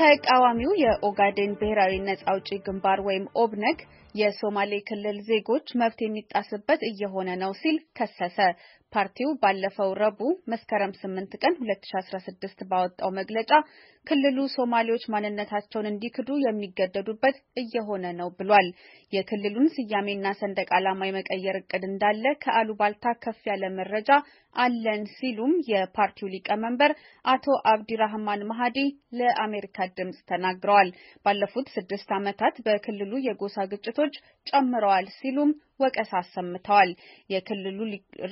ተቃዋሚው የኦጋዴን ብሔራዊ ነጻ አውጪ ግንባር ወይም ኦብነግ የሶማሌ ክልል ዜጎች መብት የሚጣስበት እየሆነ ነው ሲል ከሰሰ። ፓርቲው ባለፈው ረቡዕ መስከረም 8 ቀን 2016 ባወጣው መግለጫ ክልሉ ሶማሌዎች ማንነታቸውን እንዲክዱ የሚገደዱበት እየሆነ ነው ብሏል። የክልሉን ስያሜና ሰንደቅ ዓላማ የመቀየር እቅድ እንዳለ ከአሉባልታ ከፍ ያለ መረጃ አለን ሲሉም የፓርቲው ሊቀመንበር አቶ አብዲራህማን ማሃዲ ለአሜሪካ ድምጽ ተናግረዋል። ባለፉት ስድስት ዓመታት በክልሉ የጎሳ ግጭቶች ግጭቶች ጨምረዋል ሲሉም ወቀሳ አሰምተዋል። የክልሉ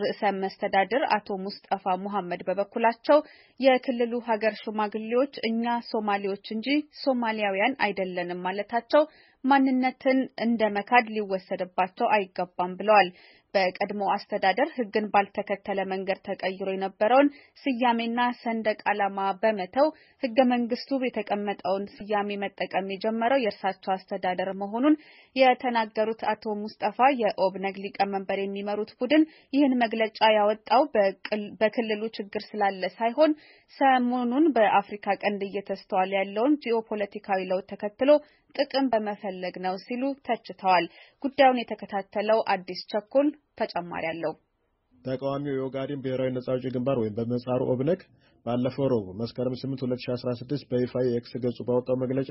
ርዕሰ መስተዳድር አቶ ሙስጠፋ ሙሐመድ በበኩላቸው የክልሉ ሀገር ሽማግሌዎች እኛ ሶማሌዎች እንጂ ሶማሊያውያን አይደለንም ማለታቸው ማንነትን እንደ መካድ ሊወሰድባቸው አይገባም ብለዋል። በቀድሞ አስተዳደር ሕግን ባልተከተለ መንገድ ተቀይሮ የነበረውን ስያሜና ሰንደቅ ዓላማ በመተው ሕገ መንግስቱ የተቀመጠውን ስያሜ መጠቀም የጀመረው የእርሳቸው አስተዳደር መሆኑን የተናገሩት አቶ ሙስጠፋ የኦብነግ ሊቀመንበር የሚመሩት ቡድን ይህን መግለጫ ያወጣው በክልሉ ችግር ስላለ ሳይሆን ሰሞኑን በአፍሪካ ቀንድ እየተስተዋለ ያለውን ጂኦፖለቲካዊ ለውጥ ተከትሎ ጥቅም በመፈለግ ነው ሲሉ ተችተዋል። ጉዳዩን የተከታተለው አዲስ ቸኩን ተጨማሪ አለው። ተቃዋሚው የኦጋዴን ብሔራዊ ነጻ አውጪ ግንባር ወይም በምህጻሩ ኦብነግ ባለፈው ረቡዕ መስከረም 8 2016 በይፋ የኤክስ ገጹ ባወጣው መግለጫ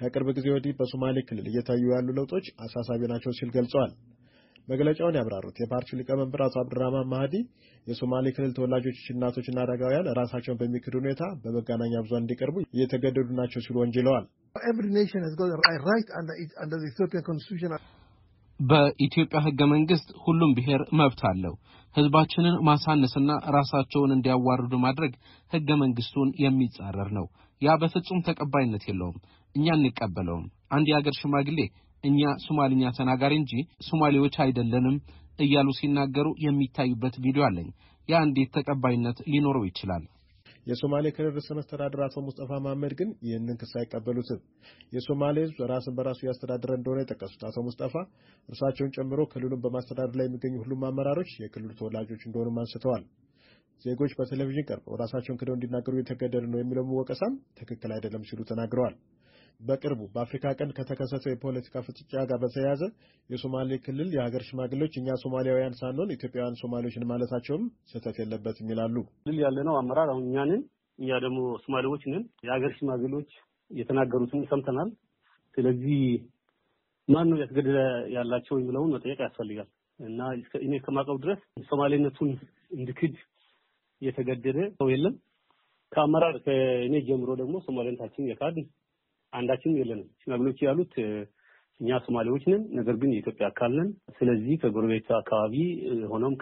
ከቅርብ ጊዜ ወዲህ በሶማሌ ክልል እየታዩ ያሉ ለውጦች አሳሳቢ ናቸው ሲል ገልጸዋል። መግለጫውን ያብራሩት የፓርቲው ሊቀመንበር አቶ አብዱራህማን ማህዲ የሶማሌ ክልል ተወላጆች እናቶችና አረጋውያን ራሳቸውን በሚክድ ሁኔታ በመገናኛ ብዙሃን እንዲቀርቡ እየተገደዱ ናቸው ሲሉ ወንጅለዋል። በኢትዮጵያ ህገ መንግስት ሁሉም ብሔር መብት አለው። ህዝባችንን ማሳነስና ራሳቸውን እንዲያዋርዱ ማድረግ ህገ መንግስቱን የሚጻረር ነው። ያ በፍጹም ተቀባይነት የለውም። እኛ እንቀበለውም። አንድ የአገር ሽማግሌ እኛ ሶማሊኛ ተናጋሪ እንጂ ሶማሌዎች አይደለንም እያሉ ሲናገሩ የሚታዩበት ቪዲዮ አለኝ። ያ እንዴት ተቀባይነት ሊኖረው ይችላል? የሶማሌ ክልል ርዕሰ መስተዳድር አቶ ሙስጠፋ መሀመድ ግን ይህንን ክስ አይቀበሉትም። የሶማሌ ሕዝብ ራስን በራሱ ያስተዳደረ እንደሆነ የጠቀሱት አቶ ሙስጠፋ እርሳቸውን ጨምሮ ክልሉን በማስተዳደር ላይ የሚገኙ ሁሉም አመራሮች የክልሉ ተወላጆች እንደሆኑም አንስተዋል። ዜጎች በቴሌቪዥን ቀርበው ራሳቸውን ክደው እንዲናገሩ እየተገደዱ ነው የሚለው ወቀሳም ትክክል አይደለም ሲሉ ተናግረዋል። በቅርቡ በአፍሪካ ቀንድ ከተከሰተው የፖለቲካ ፍጥጫ ጋር በተያያዘ የሶማሌ ክልል የሀገር ሽማግሌዎች እኛ ሶማሊያውያን ሳንሆን ኢትዮጵያውያን ሶማሌዎችን ማለታቸውም ስህተት የለበትም ይላሉ። ክልል ያለነው አመራር አሁን እኛ እኛ ደግሞ ሶማሌዎች ነን። የሀገር ሽማግሌዎች የተናገሩትን ሰምተናል። ስለዚህ ማን ነው ያስገደደ ያላቸው የሚለውን መጠየቅ ያስፈልጋል እና እኔ እስከማውቀው ድረስ ሶማሌነቱን እንድክድ የተገደደ ሰው የለም። ከአመራር ከእኔ ጀምሮ ደግሞ ሶማሌነታችን የካድ አንዳችንም የለንም። ሽማግሌዎች ያሉት እኛ ሶማሌዎች ነን፣ ነገር ግን የኢትዮጵያ አካል ነን። ስለዚህ ከጎረቤት አካባቢ ሆኖም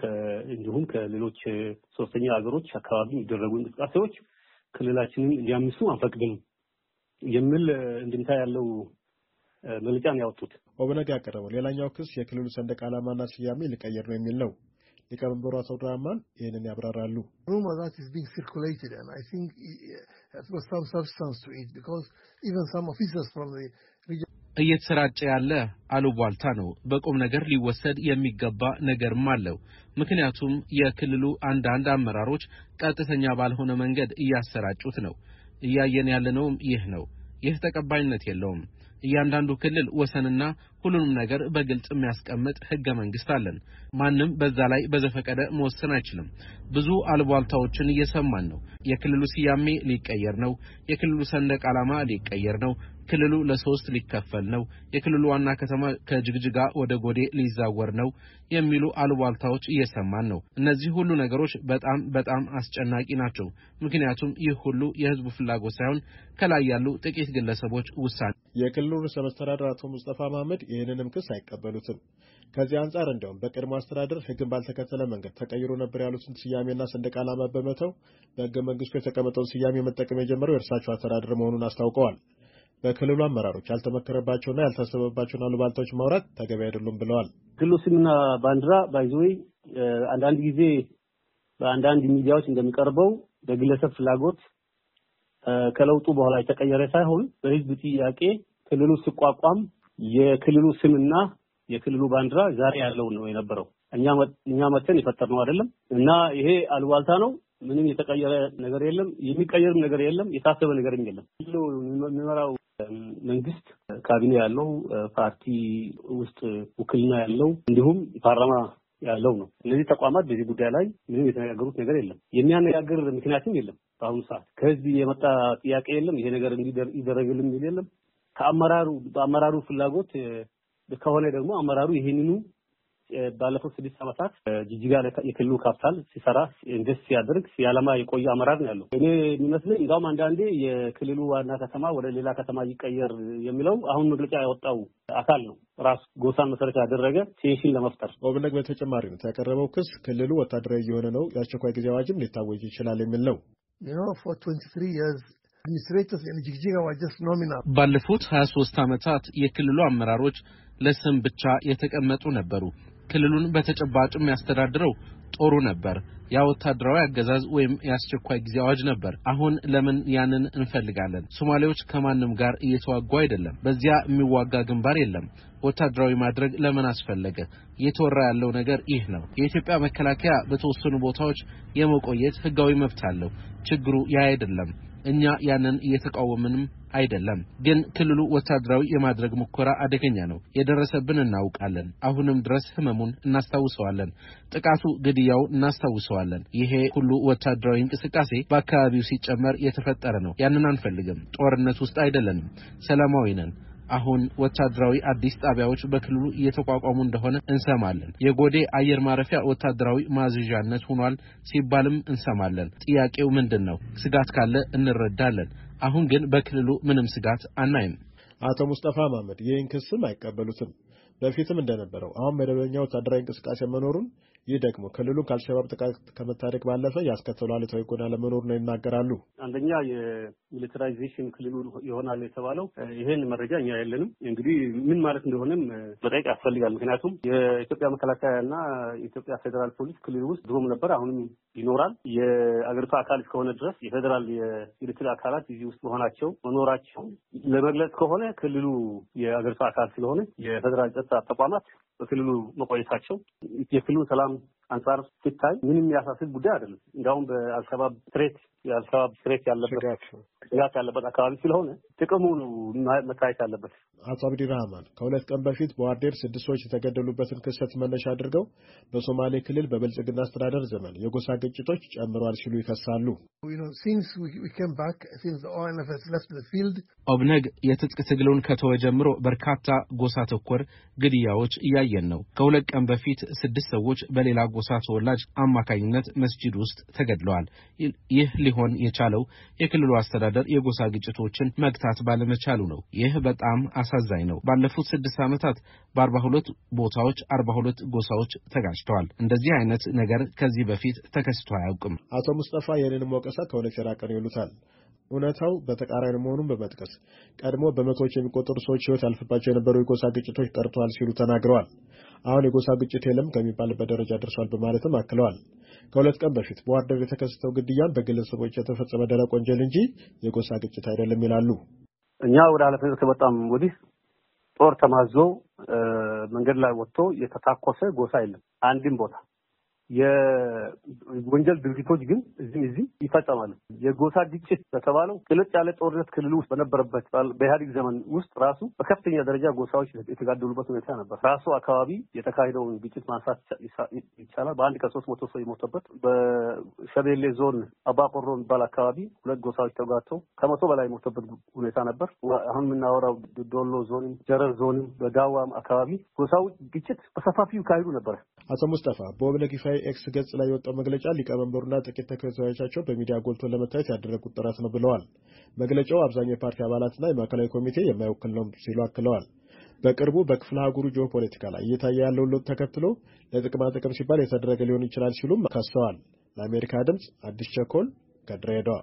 እንዲሁም ከሌሎች ሶስተኛ ሀገሮች አካባቢ የሚደረጉ እንቅስቃሴዎች ክልላችንን እንዲያምሱ አንፈቅድም የሚል እንድምታ ያለው መግለጫ ነው ያወጡት። ኦብነግ ያቀረበው ሌላኛው ክስ የክልሉ ሰንደቅ ዓላማና ስያሜ ሊቀየር ነው የሚል ነው። ሊቀመንበሩ አቶ አብዱራህማን ይህንን ያብራራሉ። uh, እየተሰራጨ ያለ አሉቧልታ ነው። በቁም ነገር ሊወሰድ የሚገባ ነገርም አለው። ምክንያቱም የክልሉ አንዳንድ አመራሮች ቀጥተኛ ባልሆነ መንገድ እያሰራጩት ነው። እያየን ያለነውም ይህ ነው። ይህ ተቀባይነት የለውም። እያንዳንዱ ክልል ወሰንና ሁሉንም ነገር በግልጽ የሚያስቀምጥ ህገ መንግስት አለን። ማንም በዛ ላይ በዘፈቀደ መወሰን አይችልም። ብዙ አልቧልታዎችን እየሰማን ነው። የክልሉ ስያሜ ሊቀየር ነው፣ የክልሉ ሰንደቅ ዓላማ ሊቀየር ነው፣ ክልሉ ለሶስት ሊከፈል ነው፣ የክልሉ ዋና ከተማ ከጅግጅጋ ወደ ጎዴ ሊዛወር ነው የሚሉ አሉባልታዎች እየሰማን ነው። እነዚህ ሁሉ ነገሮች በጣም በጣም አስጨናቂ ናቸው። ምክንያቱም ይህ ሁሉ የህዝቡ ፍላጎት ሳይሆን ከላይ ያሉ ጥቂት ግለሰቦች ውሳኔ። የክልሉ ርዕሰ መስተዳደር አቶ ሙስጠፋ መሐመድ ይህንንም ክስ አይቀበሉትም። ከዚህ አንጻር እንዲያውም በቅድሞ አስተዳደር ህግን ባልተከተለ መንገድ ተቀይሮ ነበር ያሉትን ስያሜና ሰንደቅ ዓላማ በመተው በህገ መንግስቱ የተቀመጠውን ስያሜ መጠቀም የጀመረው የእርሳቸው አስተዳደር መሆኑን አስታውቀዋል። በክልሉ አመራሮች ያልተመከረባቸውና ያልታሰበባቸውን አሉባልታዎች ማውራት ተገቢ አይደሉም ብለዋል። ክልሉ ስምና ባንዲራ ባይዘወይ አንዳንድ ጊዜ በአንዳንድ ሚዲያዎች እንደሚቀርበው በግለሰብ ፍላጎት ከለውጡ በኋላ የተቀየረ ሳይሆን በህዝብ ጥያቄ ክልሉ ሲቋቋም የክልሉ ስምና የክልሉ ባንዲራ ዛሬ ያለው ነው የነበረው። እኛ መተን የፈጠርነው አይደለም እና ይሄ አልዋልታ ነው። ምንም የተቀየረ ነገር የለም። የሚቀየርም ነገር የለም። የታሰበ ነገርም የለም። የሚመራው መንግስት ካቢኔ ያለው ፓርቲ ውስጥ ውክልና ያለው እንዲሁም ፓርላማ ያለው ነው። እነዚህ ተቋማት በዚህ ጉዳይ ላይ ምንም የተነጋገሩት ነገር የለም። የሚያነጋግር ምክንያትም የለም። በአሁኑ ሰዓት ከህዝብ የመጣ ጥያቄ የለም። ይሄ ነገር ይደረግልም የሚል የለም። ከአመራሩ በአመራሩ ፍላጎት ከሆነ ደግሞ አመራሩ ይህንኑ ባለፉት ስድስት ዓመታት ጅጅጋ የክልሉ ካፒታል ሲሰራ ኢንቨስት ሲያደርግ ሲያለማ የቆየ አመራር ነው ያለው። እኔ የሚመስለኝ እንዲሁም አንዳንዴ የክልሉ ዋና ከተማ ወደ ሌላ ከተማ ይቀየር የሚለው አሁን መግለጫ ያወጣው አካል ነው ራሱ ጎሳን መሰረት ያደረገ ቴንሽን ለመፍጠር። ኦብነግ በተጨማሪነት ያቀረበው ክስ ክልሉ ወታደራዊ የሆነ ነው፣ የአስቸኳይ ጊዜ አዋጅም ሊታወጅ ይችላል የሚል ነው። ባለፉት 23 ዓመታት የክልሉ አመራሮች ለስም ብቻ የተቀመጡ ነበሩ። ክልሉን በተጨባጭ የሚያስተዳድረው ጦሩ ነበር። ያ ወታደራዊ አገዛዝ ወይም የአስቸኳይ ጊዜ አዋጅ ነበር። አሁን ለምን ያንን እንፈልጋለን? ሶማሌዎች ከማንም ጋር እየተዋጉ አይደለም። በዚያ የሚዋጋ ግንባር የለም። ወታደራዊ ማድረግ ለምን አስፈለገ? እየተወራ ያለው ነገር ይህ ነው። የኢትዮጵያ መከላከያ በተወሰኑ ቦታዎች የመቆየት ህጋዊ መብት አለው። ችግሩ ያ አይደለም። እኛ ያንን እየተቃወምንም አይደለም። ግን ክልሉ ወታደራዊ የማድረግ ሙከራ አደገኛ ነው። የደረሰብን እናውቃለን። አሁንም ድረስ ህመሙን እናስታውሰዋለን። ጥቃቱ፣ ግድያው እናስታውሰዋለን። ይሄ ሁሉ ወታደራዊ እንቅስቃሴ በአካባቢው ሲጨመር የተፈጠረ ነው። ያንን አንፈልግም። ጦርነት ውስጥ አይደለንም። ሰላማዊ ነን። አሁን ወታደራዊ አዲስ ጣቢያዎች በክልሉ እየተቋቋሙ እንደሆነ እንሰማለን። የጎዴ አየር ማረፊያ ወታደራዊ ማዘዣነት ሆኗል ሲባልም እንሰማለን። ጥያቄው ምንድን ነው? ስጋት ካለ እንረዳለን። አሁን ግን በክልሉ ምንም ስጋት አናይም። አቶ ሙስጠፋ መሀመድ ይህን ክስም አይቀበሉትም። በፊትም እንደነበረው አሁን መደበኛ ወታደራዊ እንቅስቃሴ መኖሩን ይህ ደግሞ ክልሉን ከአልሸባብ ጥቃት ከመታደግ ባለፈ ያስከተለው አሉታዊ ጎና ነው ይናገራሉ። አንደኛ የሚሊተራይዜሽን ክልሉ ይሆናል የተባለው ይህን መረጃ እኛ የለንም። እንግዲህ ምን ማለት እንደሆነም መጠየቅ ያስፈልጋል። ምክንያቱም የኢትዮጵያ መከላከያና የኢትዮጵያ ፌዴራል ፖሊስ ክልሉ ውስጥ ድሮም ነበር፣ አሁንም ይኖራል። የአገሪቷ አካል እስከሆነ ድረስ የፌዴራል የሚሊትሪ አካላት እዚህ ውስጥ መሆናቸው መኖራቸው ለመግለጽ ከሆነ ክልሉ የአገሪቷ አካል ስለሆነ የፌዴራል ጸጥታ ተቋማት በክልሉ መቆየታቸው የክልሉ ሰላም አንጻር ሲታይ ምንም የሚያሳስብ ጉዳይ አይደለም። እንዲሁም በአልሸባብ ትሬት የአልሸባብ ትሬት ያለበት ስጋት ያለበት አካባቢ ስለሆነ ጥቅሙ መታየት ያለበት። አቶ አብዲ ራህማን ከሁለት ቀን በፊት በዋርዴር ስድስት ሰዎች የተገደሉበትን ክስተት መነሻ አድርገው በሶማሌ ክልል በብልጽግና አስተዳደር ዘመን የጎሳ ግጭቶች ጨምረዋል ሲሉ ይከሳሉ። ኦብነግ የትጥቅ ትግሉን ከተወ ጀምሮ በርካታ ጎሳ ተኮር ግድያዎች እያየ እያየን ነው። ከሁለት ቀን በፊት ስድስት ሰዎች በሌላ ጎሳ ተወላጅ አማካኝነት መስጂድ ውስጥ ተገድለዋል። ይህ ሊሆን የቻለው የክልሉ አስተዳደር የጎሳ ግጭቶችን መግታት ባለመቻሉ ነው። ይህ በጣም አሳዛኝ ነው። ባለፉት ስድስት ዓመታት በአርባ ሁለት ቦታዎች አርባ ሁለት ጎሳዎች ተጋጭተዋል። እንደዚህ አይነት ነገር ከዚህ በፊት ተከስቶ አያውቅም። አቶ ሙስጠፋ ይህንን ወቀሳ ከሁለት የራቀ ነው ይሉታል። እውነታው በተቃራኒ መሆኑን በመጥቀስ ቀድሞ በመቶዎች የሚቆጠሩ ሰዎች ህይወት ያልፍባቸው የነበሩ የጎሳ ግጭቶች ጠርተዋል ሲሉ ተናግረዋል። አሁን የጎሳ ግጭት የለም ከሚባልበት ደረጃ ደርሷል በማለትም አክለዋል። ከሁለት ቀን በፊት በዋደር የተከሰተው ግድያም በግለሰቦች የተፈጸመ ደረቅ ወንጀል እንጂ የጎሳ ግጭት አይደለም ይላሉ። እኛ ወደ ኃላፊነት ከመጣም ወዲህ ጦር ተማዞ መንገድ ላይ ወጥቶ የተታኮሰ ጎሳ የለም አንድም ቦታ የወንጀል ድርጊቶች ግን እዚህ እዚህ ይፈጸማሉ። የጎሳ ግጭት በተባለው ቅልጥ ያለ ጦርነት ክልል ውስጥ በነበረበት በኢህአዴግ ዘመን ውስጥ ራሱ በከፍተኛ ደረጃ ጎሳዎች የተጋደሉበት ሁኔታ ነበር። ራሱ አካባቢ የተካሄደውን ግጭት ማንሳት ይቻላል። በአንድ ከሶስት መቶ ሰው የሞተበት በሸቤሌ ዞን አባቆሮ የሚባል አካባቢ ሁለት ጎሳዎች ተጋተው ከመቶ በላይ የሞተበት ሁኔታ ነበር። አሁን የምናወራው ዶሎ ዞንም ጀረር ዞንም በዳዋም አካባቢ ጎሳዎች ግጭት በሰፋፊው ይካሄዱ ነበር። አቶ ሙስጠፋ በወብለ ጊፋይ በኤክስ ገጽ ላይ የወጣው መግለጫ ሊቀመንበሩና ጥቂት ተከታዮቻቸው በሚዲያ ጎልቶ ለመታየት ያደረጉት ጥረት ነው ብለዋል። መግለጫው አብዛኛው የፓርቲ አባላትና የማዕከላዊ ኮሚቴ የማይወክል ነው ሲሉ አክለዋል። በቅርቡ በክፍለ ሀገሩ ጂኦ ፖለቲካ ላይ እየታየ ያለውን ለውጥ ተከትሎ ለጥቅማ ጥቅም ሲባል የተደረገ ሊሆን ይችላል ሲሉም ከሰዋል። ለአሜሪካ ድምፅ አዲስ ቸኮል ከድሬዳዋ